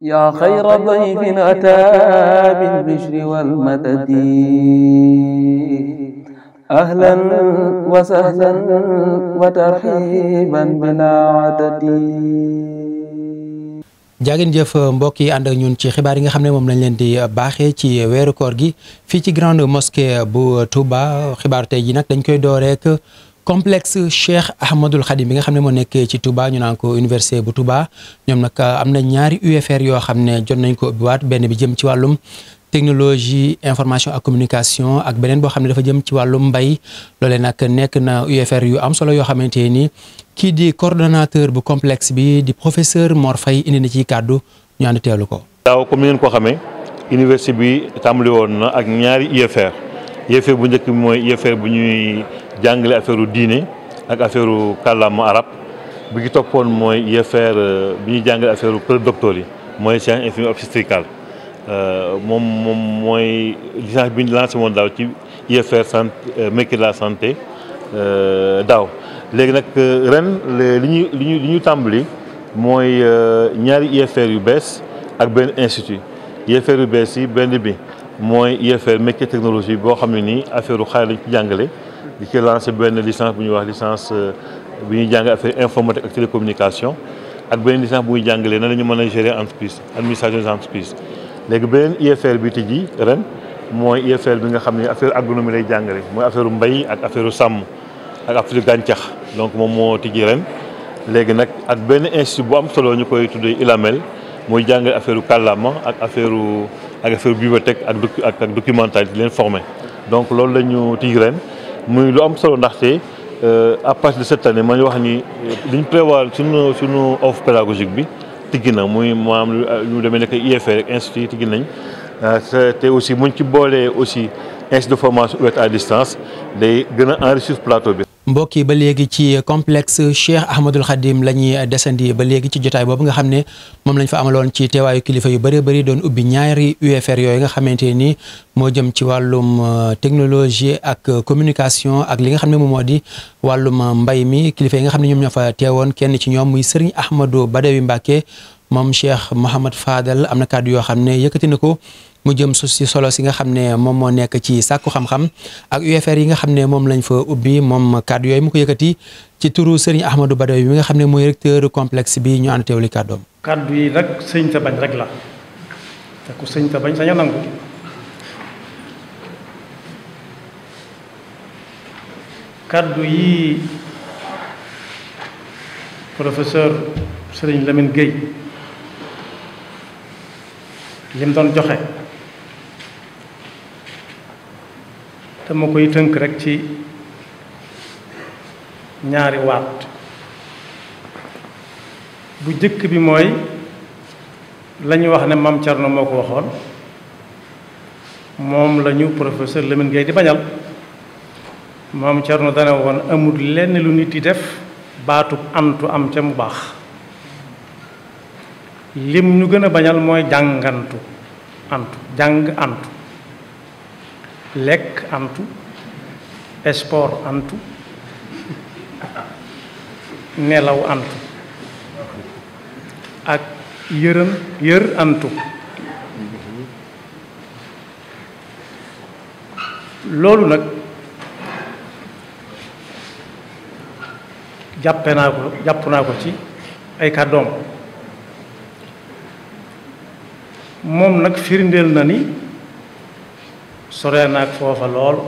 yaa xayra dayfin ataa bil bishri wal madadi ahlan wa sahlan wa tarxiiban bilaa adadi jaageen jëf mbokk yi ànd ak ñun ci xibaar yi nga xam ne moom lañ leen di baaxee ci weeru koor gi fii ci grande mosquée bu Touba xibaar tey ji nag dañ koy door rek complexe Cheikh Ahmadul Khadim bi nga xam ne moo nekkee ci tubaa ñu naan ko université bu Touba ñoom nag am na ñaari UFR yoo xam ne jot nañ ko ubbiwaat benn bi jëm ci wàllum technologie information ak communication ak beneen boo xam ne dafa jëm ci wàllum mbay loole nag nekk na UFR yu am solo yoo xamante ni kii di coordonnateur bu complexe bi di professeur Mor Faye indi na ci kàddu ñu ànd teelu ko. daaw comme ni ngeen ko xamee université bi tàmbali woon na ak ñaari UFR UFR bu njëkk bi bu ñuy. jàngale affaire diine ak affaire kàllaama arab bi ci toppoon mooy IFR euh, bi ñuy jàngale affaire kër docteur yi mooy science infirmière obstétricale euh, moom moom mooy licence bi ñu lancé woon daaw ci IFR sant euh, métier de la santé daaw léegi nag ren li ñu li ñu tàmbali mooy ñaari IFR yu bees ak benn institut IFR yu bees yi benn bi mooy IFR métier technologie boo xam ne nii affaire xaalis lañ ci jàngale di ci lancé benn licence bu ñuy wax licence euh, bu ñuy jàng affaire informatique ak télécommunication ak beneen licence bu jàngalee nan la ñu mën a gérer entreprise administration des entreprises léegi beneen IFR bi tijji ren mooy IFR bi nga xam ne affaire agronomie lay jàngale mooy affaire mbay ak affaire sàmm ak affaire gàncax donc moom moo tijji ren léegi nag ak benn institut bu am solo ñu koy tuddee ilamel mooy jàngale affaire kàllaama ak affaire ak affaire bibliothèque ak ak documentaire di leen former donc loolu la ñu ren muy lu am solo ndaxte euh, à partir de cette année ma wax ni liñ prévoir suñu suñu offre pédagogique bi tiggi na muy maanaam lu demee nekk IFR rek institut tiggi nañ euh, te aussi muñ ci boolee aussi institut de formation ouverte à distance day gën a enrichir plateau bi mbokk yi ba léegi ci complexe Cheikh Ahmadul Khadim la ñuy desandi ba léegi ci jotaay boobu nga xam ne moom lañ fa amaloon ci teewaayu kilifa yu bëree bëri doon ubbi ñaari UFR yooyu nga xamante ni moo jëm ci wàllum euh, technologie ak communication ak li nga xam ne moom moo di wàllum mbay mi kilifa yi nga xam ne ñoom ñoo fa teewoon kenn ci ñoom muy Serigne Ahmadou Badawi Mbacke moom Cheikh Mouhamad Fadel am na kàddu yoo xam ne yëkkati na ko. mu jëm su si solo si nga xam ne moom moo nekk ci sàkku xam-xam ak UFR yi nga xam ne moom lañ fa ubbi moom kàddu yooyu mu ko yëkkati ci turu Serigne Ahmadou Badawi mi nga xam ne mooy recteur complexe bi ñu ànd teewli kàddoom. kàddu yi nag sëñ ta bañ rek la te ku sëñ ta bañ sañ a nangu kàddu yi professeur Serigne Lamine Gueye lim doon joxe. te koy tënk rekk ci ñaari waat bu jëkk bi mooy la ñu wax ne Maam na moo ko waxoon moom lañu ñu professeur Lamine Gueye di bañal Maam Cerno dana woon amul lenn lu nit di def baatu antu am ca mu baax lim ñu gën a bañal mooy jàngantu antu jàng antu lekk antu sport antu nelaw antu ak yërëm yër antu loolu nag jàppe naa ko jàpp naa ko ci ay kàddoom moom nag firndeel na ni soree naag foofa lool.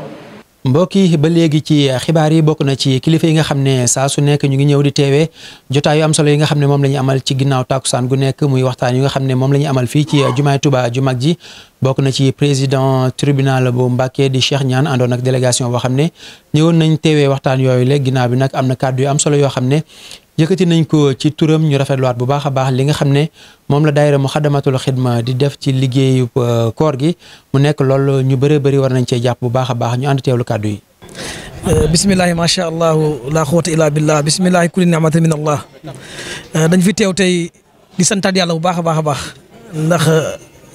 mbokk yi ba léegi ci xibaar yi bokk na ci kilifa yi nga xam ne saa su nekk ñu ngi ñëw di teewee jotaay yu am solo yi nga xam ne moom la ñu amal ci ginnaaw tàkkusaan gu nekk muy waxtaan yi nga xam ne moom la fii ci jumaay Tuba ju mag ji bokk na ci président tribunal bu Mbàkke di Cheikh ñaan àndoon ak délégation boo xam ne ñëwoon nañ teewee waxtaan yooyu léegi ginnaaw bi nag am na kàddu yu am solo yoo xam ne yëkkati nañ ko ci turam ñu rafetluwaat bu baax a baax li nga xam ne moom la daayira Muxaddamatul Xidma di def ci liggéeyu euh, koor gi mu nekk loolu ñu bëree bëri war nañ cee jàpp bu baax a baax ñu ànd teewlu kàddu yi. Euh, bisimilah macha allah laa quwwata illaa billah bisimilah kulli ni'matin min allah euh, dañ fi teew tey di santaat yàlla bu baax a baax a baax ndax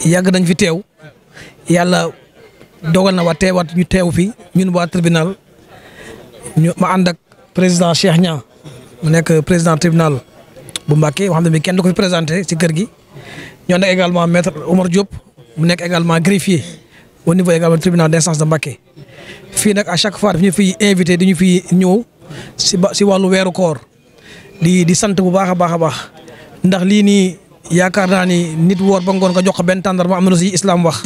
yàgg dañ fi teew yàlla dogal na waa teewaat ñu teew fi ñun waa tribunal ñu ma ànd ak président Cheikh Niang mu nekk président tribunal bu Mbacké boo xam ne bi kenn du ko fi présenté si kër gi ñoo nekk également maître Omar Diop mu nekk également greffier au niveau également tribunal d'instance de Mbacké fii nag a chaque fois daf ñu fiy invité dañu fiy ñëw si ba si wàllu weeru koor di di sant bu baax a baax a baax ndax lii nii yaakaar naa ni nit woor ba ngoon nga jox ko benn tàndarma am na si islam wax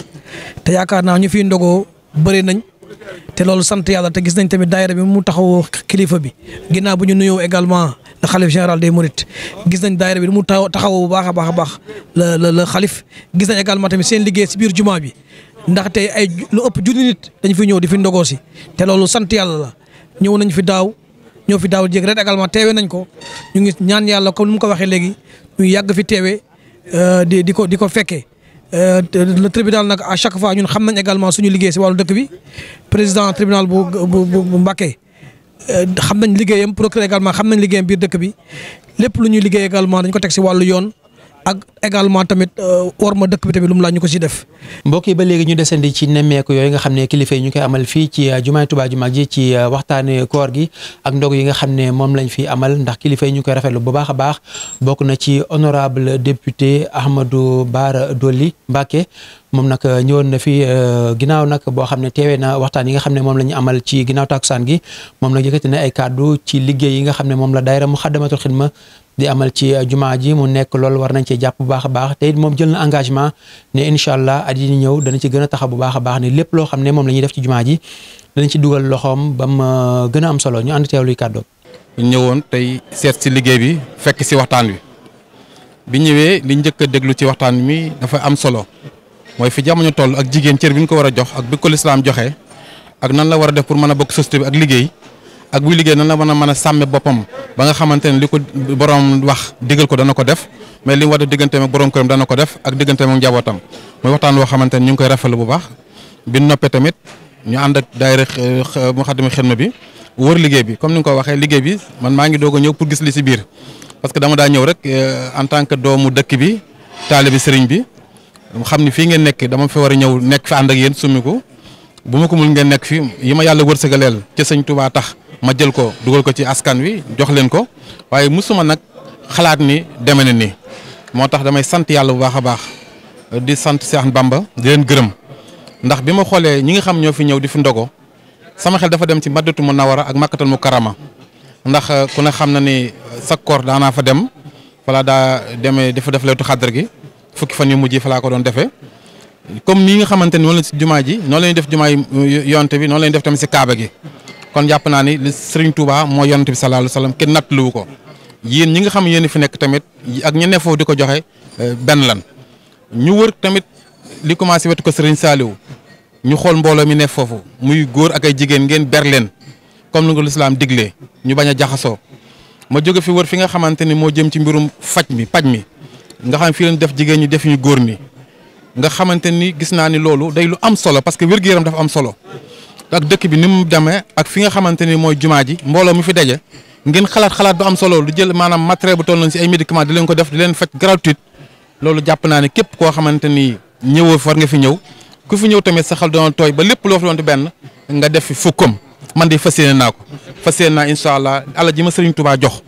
te yaakaar naa ñu fi ndogoo bëri nañ. te loolu sant yàlla te gis nañ tamit daayira bi mu taxawoo kilifa bi ginnaaw bu ñu nuyoo également le xalif général des Mourides gis nañ daayira bi mu taxawoo bu baax a baax a baax la la la xalif gis nañ également tamit seen liggéey si biir jumaa bi ndaxte ay lu ëpp junni nit dañ fi ñëw di fi ndogoo si te loolu sant yàlla la ñëw nañ fi daaw ñëw fi daaw jéeg ren également teewe nañ ko ñu ngi ñaan yàlla comme ni mu ko waxee léegi ñu yàgg fi teewe euh, di di ko di Euh, le tribunal nag à chaque fois ñun xam nañ également suñu liggéey si wàllu dëkk bi président tribunal bu bu bu Mbacké euh, xam nañ liggéeyam procureur également xam nañ liggéeyam biir dëkk bi lépp lu ñuy liggéey également dañ ko teg si wàllu yoon ak également tamit war euh, ma dëkk bi tamit lu laa ñu ko ci def. mbokk yi ba léegi ñu desandi ci nemmeeku yooyu nga xam ne kilifa yi ñu koy amal fii ci euh, jumaay Tuubaa ju mag ji ci euh, waxtaane koor gi ak ndog yi nga xam ne moom lañ fi amal ndax kilifa ñu koy rafetlu bu baax a baax bokk na ci honorable député Ahmadou Bara Dolly Mbacké moom nag ñëwoon na fi ginnaaw nag boo xam ne teewee na waxtaan yi nga xam ne moom la ñu amal ci ginnaaw takusaan gi moom nag yëkkati na ay kàddu ci liggéey yi nga xam ne moom la daayira Muxaddamatul Xidma di amal ci euh, jumaa ji mu nekk loolu war nañ cee jàpp bu baax a baax tey moom jël na engagement ne incha allah at yi ñëw dana ci gën a taxaw bu baax a baax ne lépp loo xam ne moom la ñuy def ci jumaa ji danañ ci dugal loxoom ba mu euh, gën a am solo ñu ànd teewluy kàddoom. ñu ñëwoon tey seet si liggéey bi fekk si waxtaan wi bi ñëwee li njëkk a déglu ci waxtaan mi dafa am solo mooy fi jamono toll ak jigéen cër bi ñu ko war a jox ak bi ko lislaam joxe ak nan la war a def pour mën a bokk société ak liggéey ak buy liggéey na la mën a mën a sàmme boppam ba nga xamante ne li ko borom wax digal ko dana ko def mais li mu war a digganteem ak borom këram dana ko def ak digganteem ak njabootam muy waxtaan woo xamante ne ñu ngi koy rafetlu bu baax bi noppee tamit ñu ànd ak daayira Moukhaddamatoul Khidma bi wër liggéey bi comme ni nga ko waxee liggéey bi man maa ngi doog a ñëw pour gis li si biir parce que dama daa ñëw rek euh, en tant que doomu dëkk bi taale bi sëriñ bi xam ni fii ngeen nekk dama fi war a nekk fi ànd ak yéen summiku bu ma ko mul ngeen nekk fi yi ma yàlla wërsëgaleel ci sëñ Tuubaa tax ma jël ko dugal ko ci askan wi jox leen ko waaye mosuma nag xalaat ni deme na ni moo tax damay sant yàlla bu baax a baax di sant Seex Bamba di leen gërëm ndax bi ma xoolee ñi nga xam ñoo fi ñëw di fi ndogo sama xel dafa dem ci Madinatu nawara ak Makkatal Mukarrama ndax uh, ku ne xam na ni uh, sa koor daanaa fa dem falaa daa demee dafa def leetu xadar gi fukki fan yu mujj falaa ko doon defee comme nii nga xamante ni noonu la ci jumaa ji noonu la def jumaa yi uh, bi noonu la def tamit ci kaaba gi kon jàpp naa ni li Serigne Touba moo yonent bi sallallahu alayhi wa sallam kenn nattluwu ko yéen ñi nga xam yéen fi nekk tamit ak ñi ne foofu di ko joxe euh, benn lan ñu wër tamit li commencé wetu ko Serigne Saliou ñu xool mbooloo mi ne foofu muy góor ak ay jigéen ngeen ber leen comme ni ko lislaam diglee ñu bañ a jaxasoo ma jóge fi wër fi nga xamante ni moo jëm ci mbirum faj mi paj mi nga xam fi leen def jigéen ñi def ñu góor ñi nga xamante ni gis naa ni loolu day lu am solo parce que wér-gu-yaram dafa am solo ak dëkk bi ni mu demee ak fi nga xamante ni mooy jumaa ji mbooloo mi fi daje ngeen xalaat xalaat bu am solo lu jël maanaam matériel bu toll nañ si ay médicament di leen ko def di leen faj gratuite loolu jàpp naa ne képp koo xamante ni ñëwoo war nga fi ñëw ku fi ñëw tamit sa xel doon tooy ba lépp loo fi doon benn nga def fi fukkam man de fas yéene naa ko fas yéene naa incha allah ala ji ma Serigne Touba jox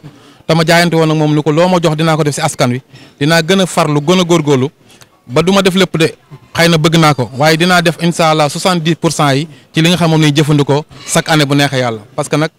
dama jaayante woon ak moom lu ko loo ma jox dinaa def si askan wi dinaa gën a farlu gën a góorgóorlu ba du ma def lépp de xëy na bëgg naa ko waaye dinaa def incha allah soixante dix pour cent yi ci li nga xam moom la ñuy jëfandikoo chaque année bu neexee yàlla parce que nag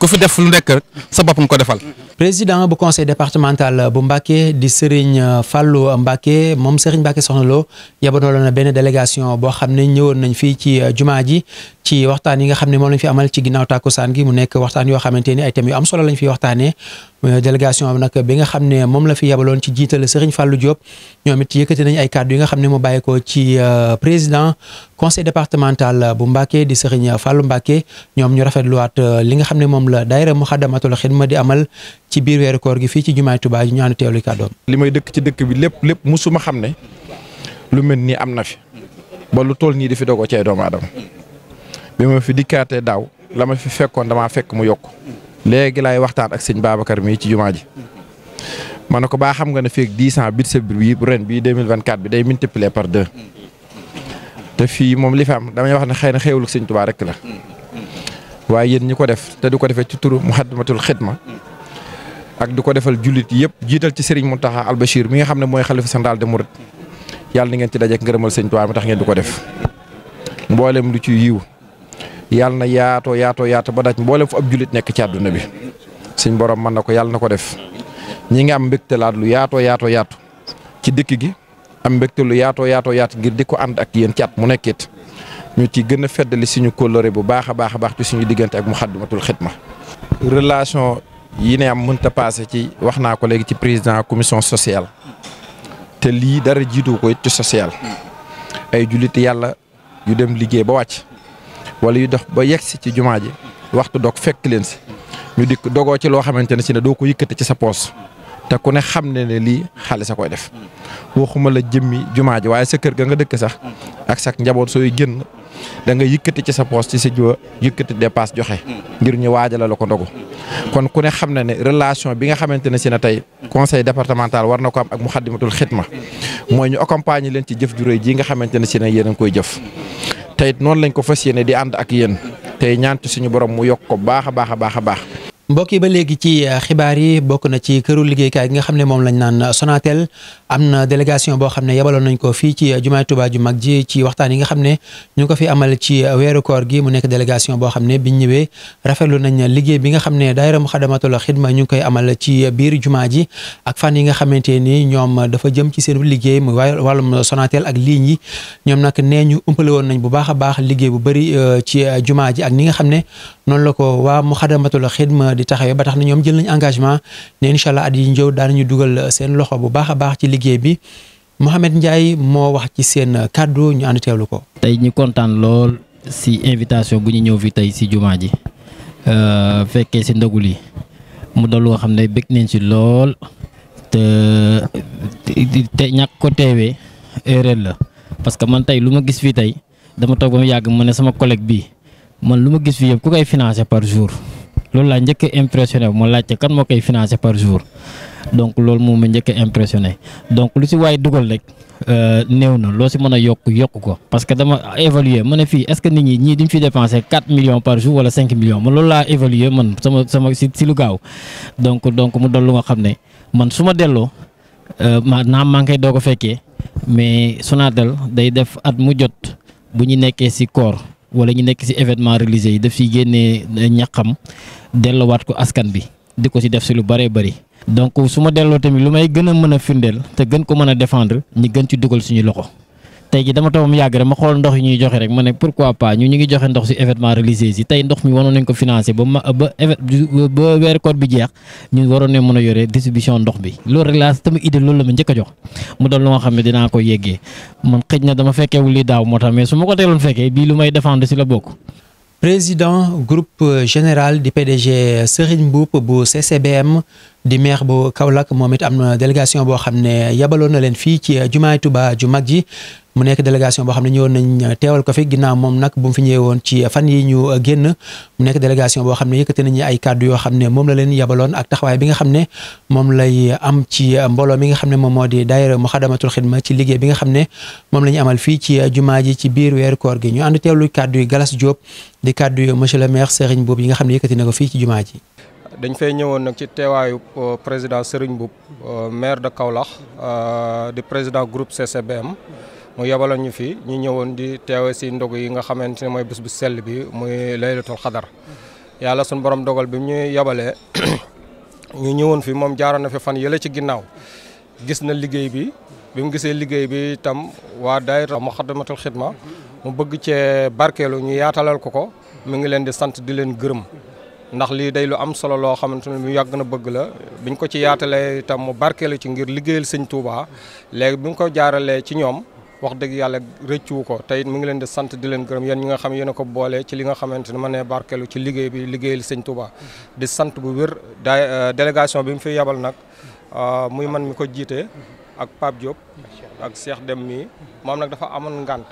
ku fi def lu nekk rek sa bopp nga ko defal. président bu conseil départemental bu Mbacké di Serigne Fallou Mbacké moom Serigne Mbacké Soxna Lo yabaloon na benn délégation boo xam ne ñëwoon nañ fii ci euh, jumaa ji ci waxtaan yi nga xam ne moom lañ fi amal ci ginnaaw tàkkusaan gi mu nekk waxtaan yoo xamante ni ay thèmes yu am solo lañ fi bi nag bi nga xam ne moom la fi yabaloon ci jiital Serigne Fallou Diop ñoom it yëkkati nañ ay kàddu yi nga xam ne mu bàyyeekoo ci euh, président conseil départemental bu Mbacké di Serigne Fallou Mbacké ñoom ñu rafetluwaat euh, li nga xam ne moom la daayira Muxaddamatul Xidma di amal ci biir weeru koor gi fii ci jumaay tubaa ji ñu ànd teewlu kàddoom li may dëkk ci dëkk bi lépp lépp musuma xam ne lu mel nii am na fi ba lu toll nii dafi dogoo ci cee doomu aadama bi ma fi dikkaatee daaw la ma fi fekkoon damaa fekk mu yokk léegi laay waxtaan ak sëñ Babacar mii ci jumaa ji ma ne ko baa xam nga ne feeg dix ans budget bi ren bii deux mille vingt quatre bi day multiplier par de te fii moom li fi am damay wax ne xëy na xéewlu sëñ Tuubaa rek la waaye yéen ñi ko def te du ko defee ci turu Muxaddamatul Xidma ak di ko defal jullit yëpp jiital ci Serigne Mountakha Al Bachir mi nga xam ne mooy xalifa central de Mouride yàlla na ngeen ci dajeek ngërëmal sëñ Tuubaa mi tax ngeen di ko def mboolem lu ci yiw yàlla na yaatoo yaatoo yaatoo ba daj mboolem fu ab jullit nekk ci adduna bi suñ borom mën na ko yàlla na ko def ñi ngi am mbégte laat lu yaatoo yaato yaatu ci dikk gi am mbégte lu yaatoo yaatoo yaatu ngir di ko ànd ak yéen caat at mu nekkit ñu ci gën a feddali suñu kolore bu baax a baax a baax ci suñu diggante ak Muxaddamatul Xidma relation yi ne am mënta passé ci wax naa ko léegi ci président commission sociale te lii dara jiitu ko ci sociale ay jullit yàlla yu dem liggéey ba wàcc wala yu dox ba yegsi ci jumaa ji waxtu dog fekk leen si ñu dikk dogoo ci loo xamante ne si ne doo ko yëkkati ci sa poos te ku ne xam ne ne lii xaalis a koy def waxuma la jëmmi jumaa ji waaye sa kër ga nga dëkk sax ak sa njaboot sooy génn da nga yëkkati ci sa poos ci sa jiwa yëkkati dépasse joxe ngir ñu waajala la ko ndogu kon ku ne xam na ne relation bi nga xamante ne si na tey conseil départemental war na ko am ak Moukhaddamatoul Khidma mooy ñu accompagner leen ci jëf ju réy ji nga xamante ne si ne yéen a koy jëf tey it noonu lañ ko fas yéene di ànd ak yéen tey ñaantu suñu borom mu yokk ko baax a baax a baax a baax. mbokk yi ba léegi ci xibaar yi bokk na ci këru liggéeykaay gi nga xam ne moom lañ naan Sonatel. am na délégation boo xam ne yebaloon nañ ko fii ci uh, jumaay Tuubaa ju mag ji ci waxtaan yi nga xam ne ñu ko fi amal ci uh, weeru koor gi mu nekk délégation boo xam ne biñ ñëwee rafetlu nañ uh, liggéey bi nga xam ne daayira Muxaddamatul Xidma ñu ngi koy amal ci biir jumaa ji ak fan yi nga xamante ni ñoom dafa jëm ci seen liggéey mu wàllum Sonatel ak ligne yi ñoom nag nee ñu umpale woon nañ bu baax a baax liggéey bu bëri ci jumaa ji ak ni xam ne noonu la ko waa Muxaddamatul Xidma di taxawee ba tax na ñoom jël nañ engagement ne incha allah at yi njëw dugal seen loxo bu baax a baax ci liggéey liggéey bi Mouhamed Ndiaye moo wax ci seen kàddu ñu ànd teewlu ko. tey ñu kontaan lool si invitation bu ñu ñëw fi tey si jumaa ji euh, fekkee si ndogu li mu dal loo xam ne bëgg nañ si lool te te ñàkk ko teewee erreur la parce que man tey lu ma gis fii tey dama toog mu yàgg ma ne sama collègue bi man lu ma gis fii yëpp ku koy financé par jour. loolu laa njëkk a impressionné mu laajte kan moo koy financé par jour donc loolu moom ma njëkk a impressionné donc lu si waay dugal rek euh, néew na loo si mën a yokk yokk ko parce que dama évaluer ma ne fii est que nit ñi ñii diñ fi dépensé 4 millions par jour wala 5 millions man loolu laa évaluer man sama sama si si lu gaaw donc donc mu doon lu nga xam ne man su ma delloo euh, ma naam maa ngi koy doo ko fekkee mais Sonatel day def at mu jot bu ñu nekkee si koor wala ñu nekk ci événement religieux yi daf ciy génnee euh, ñaqam delluwaat ko askan bi di ko ci def si lu bëree bari donc su ma delloo tamit lu may gën a mën a firndeel te gën ko mën a défendre ñi gën ci dugal suñu loxo. tey ji dama toog mu yàgg rek ma xool ndox yi ñuy joxe rek ma ne pourquoi pas ñu ñu ngi joxe ndox si événement religieux yi tey ndox mi waroon nañ ko financé ba ma ba ba weer bi jeex ñu waroon ne mën a yore distribution ndox bi loolu rek laa sama idée loolu la ma njëkk a jox mu dal lu nga xam ne dinaa ko yeggee man xëj na dama ma ko lu may défendre si la bokk président groupe général di PDG Serigne Mboup bu CCBM di maire bu Kaolack moom it am délégation boo xam ne yabaloon na leen fii ci jumaay Tuba mu nekk délégation boo xam ne ñëwoon nañ euh, teewal ko fi ginnaaw moom nag bu mu fi ñëwee woon ci euh, fan yi ñu euh, génn mu nekk délégation boo xam ne yëkkate nañu ay kàddu yoo xam ne moom la leen yabaloon ak taxawaay bi nga xam ne moom am ci mbooloo mi nga xam ne moom moo di daayira Muxaddamatul Xidma ci liggéey bi nga xam ne moom la ñu amal fii ci jumaa ji ci biir weeru koor gi ñu ànd teewalu kàddu yi Galas Diop di kàddu yu monsieur le maire Serigne Boub yi nga xam ne yëkkati na ko fii ci jumaa ji dañ fay ñëwoon nag ci teewaayu président Serigne Boub maire de Kaolack di président groupe CCBM mu yebaloon ñu fi ñu ñëwoon di teewe si ndogu yi nga xamante ne mooy bés bu sell bi muy laylatul xadar yàlla suñu borom dogal bi ñu yebalee ñu ñëwoon fi moom jaaroon na fi fan yële ci ginnaaw gis na liggéey bi bi mu gisee liggéey bi itam waa daayira Muxaddamatul Xidma mu bëgg cee barkeelu ñu yaatalal ko ko mu ngi leen di sant di leen gërëm ndax lii day lu am solo loo xamante ne mu yàgg na bëgg la biñ ko ci yaatalee itam mu barkeelu ci ngir liggéeyal sëñ Touba léegi bi ko jaaralee ci ñoom. wax dëgg yàlla rëccu ko te mu ngi leen di sant di leen gërëm yéen ñi nga xam yéen a ko boole ci li nga xamante ne mën ne barkeelu ci liggéey bi liggéeyal sëñ Touba di sant bu wér da euh, délégation bi mu fi yabal nag euh, muy man mi ko jiite ak Pape Diop ak Cheikh Dem mi moom nag dafa amoon ngant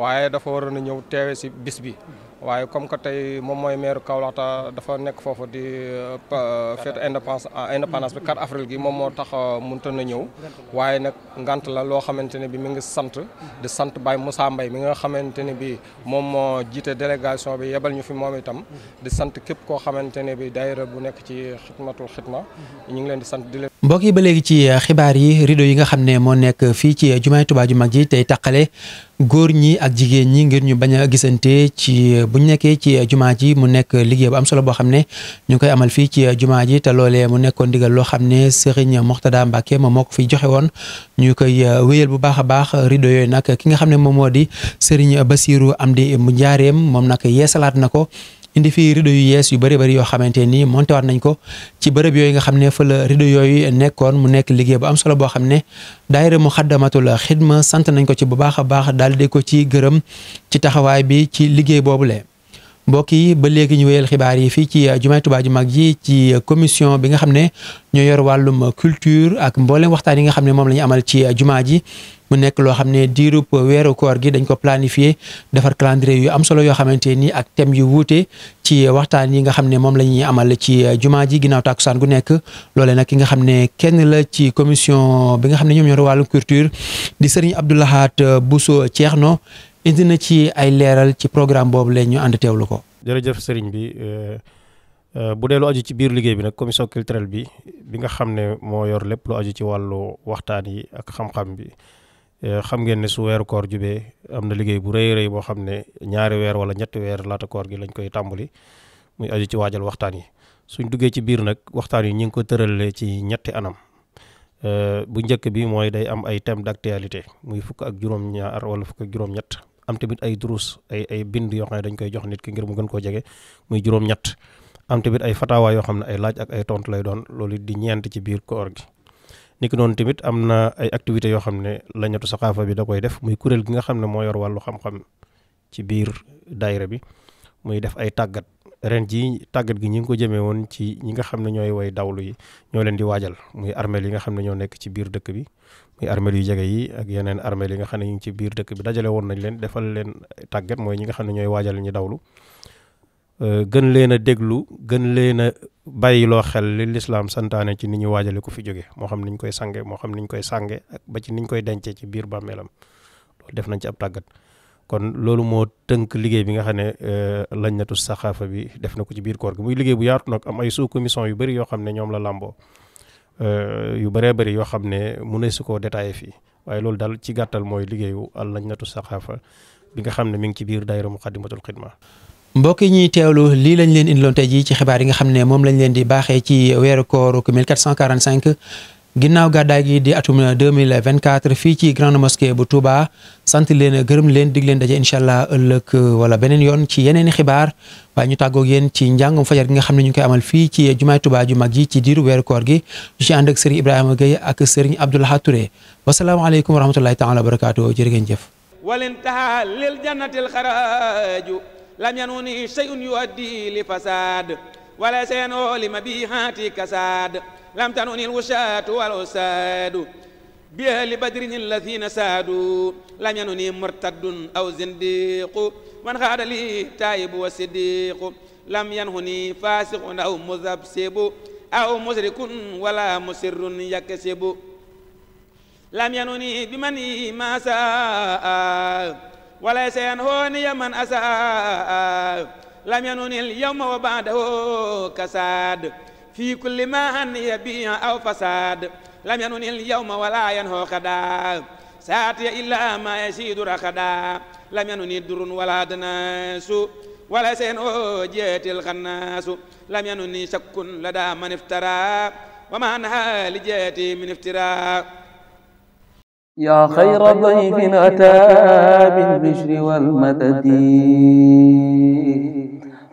waaye dafa waroon a ñëw teewe si bis bi waaye comme que tey moom mooy maire Kaolack dafa nekk foofu di euh, fête indépendance ah, indépendance bi 4 avril gi moom moo tax euh, mënta na ñëw waaye nag ngant la loo xamante ne bi mi ngi sant di sant Baye Moussa mbay mi nga xamante ne bi moom moo jiite délégation bi yebal ñu fi moom itam di sant képp koo xamante ne bi daayira bu nekk ci xidmatul xidma ñu ngi leen di sant di leen mbokk yi ba léegi ci euh, xibaar yi rido yi nga xam ne moo nekk fii ci euh, jumaay Tuubaa ju mag ji tey taqale góor ñi ak jigéen ñi ngir ñu bañ a gisante ci euh, bu nekkee ci jumaa ji mu nekk liggéey bu am solo boo xam ne ñu koy amal fii ci jumaa ji te loole mu nekkoon ndigal loo xam ne Serigne Moxtada Mbàkke moom moo ko fiy joxe woon ñu koy wéyal bu baax a baax rido yooyu nag ki nga xam ne moom moo di Serigne am di mu njaareem moom nag yeesalaat na ko indi fi rideau yu yees yu bëri bëri yoo xamante ni moonte war nañ ko ci bërëb yooyu nga xam ne fëla la yooyu nekkoon mu nekk liggéey bu am solo boo xam ne daayira mu xaddamatul xidma sant nañ ko ci bu baax a baax daal di ko ci gërëm ci taxawaay bi ci liggéey boobu lee mbokk yi ba léegi ñu wéyal xibaar yi fii ci uh, jumaay Tuubaa ju mag ji ci uh, commission bi nga xam ne ñoo yor wàllum uh, culture ak mboolem waxtaan yi nga xam ne moom la amal ci jumaa ji mu nekk loo xam ne diirub weeru koor gi dañ ko planifié defar calendrier yu am solo yoo xamante ni ak thème yu wuute ci waxtaan yi nga xam ne moom la ñuy amal ci jumaa ji ginnaaw tàkkusaan gu nekk loolee nag ki nga xam ne kenn la ci commission bi nga xam ne ñoom yor wàllum culture di sëriñ Abdoulahat Bousso Thierno indi na ci ay leeral ci programme boobu la ñu ànd teewlu ko. jërëjëf sëriñ bi euh, euh, bu dee lu aju ci biir liggéey bi nag commission culturelle bi bi nga xam ne moo yor lépp lu aju ci wàllu waxtaan yi ak xam-xam bi euh, xam ngeen ne su weeru koor jubee am na liggéey bu rëy rëy boo xam ne ñaari weer wala ñetti weer laata koor gi lañ koy tàmbali muy aju ci waajal waxtaan yi suñ duggee ci biir nag waxtaan yi ñu ngi ko tëralee ci ñetti anam. bu njëkk bi mooy day am ay thème d'actualité muy fukk ak juróom wala fukk ak am tamit ay duruus ay ay bind yoo xam ne dañ koy jox nit ki ngir mu gën koo jege muy juróom-ñett am tamit ay fatawaa yoo xam ne ay laaj ak ay tontu lay doon loolu di ñeent ci biir koor gi. niki noonu tamit am na ay activités yoo xam ne lañatu saxaafa bi da koy def muy kuréel gi nga xam ne moo yor wàllu xam-xam ci biir daayira bi muy def ay tàggat ren ji tàggat gi ñi ngi ko jëmee woon ci ñi nga xam ne ñooy way dawlu yi ñoo leen di waajal muy armeel yi nga xam ne ñoo nekk ci biir dëkk bi muy armeel yu jege yi ak yeneen armeel yi nga xam ne ñu ngi ci biir dëkk bi dajale woon nañ leen defal leen tàggat mooy ñi nga xam ne ñooy waajal ñi dawlu euh, gën leen déglu gën leen a bàyyiloo xel li lislaam santaane ci ni ñu waajale ko fi jóge moo xam niñ koy sange moo xam niñ koy sànge ba ci niñ koy dencee ci biir bàmmeelam loolu def nañ ci ab tàggat kon loolu moo tënk liggéey bi nga xam ne lañ euh, lañnatu saxaafa bi def na ko ci biir koor gi muy liggéey bu yaatu nag am ay sous commission yu bëri yoo xam ne ñoom la làmboo euh, yu bëree bëri yoo xam ne mun ne su ko détaillé fii waaye loolu daal ci gàttal mooy liggéeyu al lañnatu saxaafa bi nga xam ne mi ngi ci biir daayira Muqaddimatul Xidma mbokk yi ñuy teewlu lii lañ leen indiloon tey jii ci xibaar yi nga xam ne moom lañ leen di baaxee ci weeru kooru 1445 ginnaaw gàddaay gi di atum 2024 fii ci grande mosquée bu Touba sant leen gërëm leen dig daje incha ëllëg wala beneen yoon ci yeneeni xibaar waaye ñu tàggoog yéen ci njàngum fajar gi nga xam ne ñu koy amal fii ci jumaay Touba ju mag ji ci diiru weeru koor gi ñu ci ànd ak sëriñ Ibrahima Gueye ak sëriñ Abdou Lahad Touré wasalaamaaleykum wa rahmatullahi taala wa barakaatu jërë ngeen li fasad wala seen kasaad lam tanuni alwusaatu walusaadu bi ahli badrin alladina saadu lam yanuni murtaddun aw zindiqu man xaada li taayibu wa siddiqu lam yanhuni faasiqun aw muzabsibu aw musrikun wala musirrun yaksibu lam yanuni bi man yi ma saa walaysa yanhuni man asaa lam yanuni al yawma wa baadahu kasaad fi kulli ma hanniya bi aw fasaad lam yanunil yawma wala yanhoo xadaa saatiya illa ma yasiidu raxadaa lam yanuni durun wala danaasu wala seen oo jeetil xannaasu lam yanuni shakkun ladaa man iftaraa wa ma nahaa li jeeti min iftiraa yaa xayra dayfin ataa bil bishri wal madadi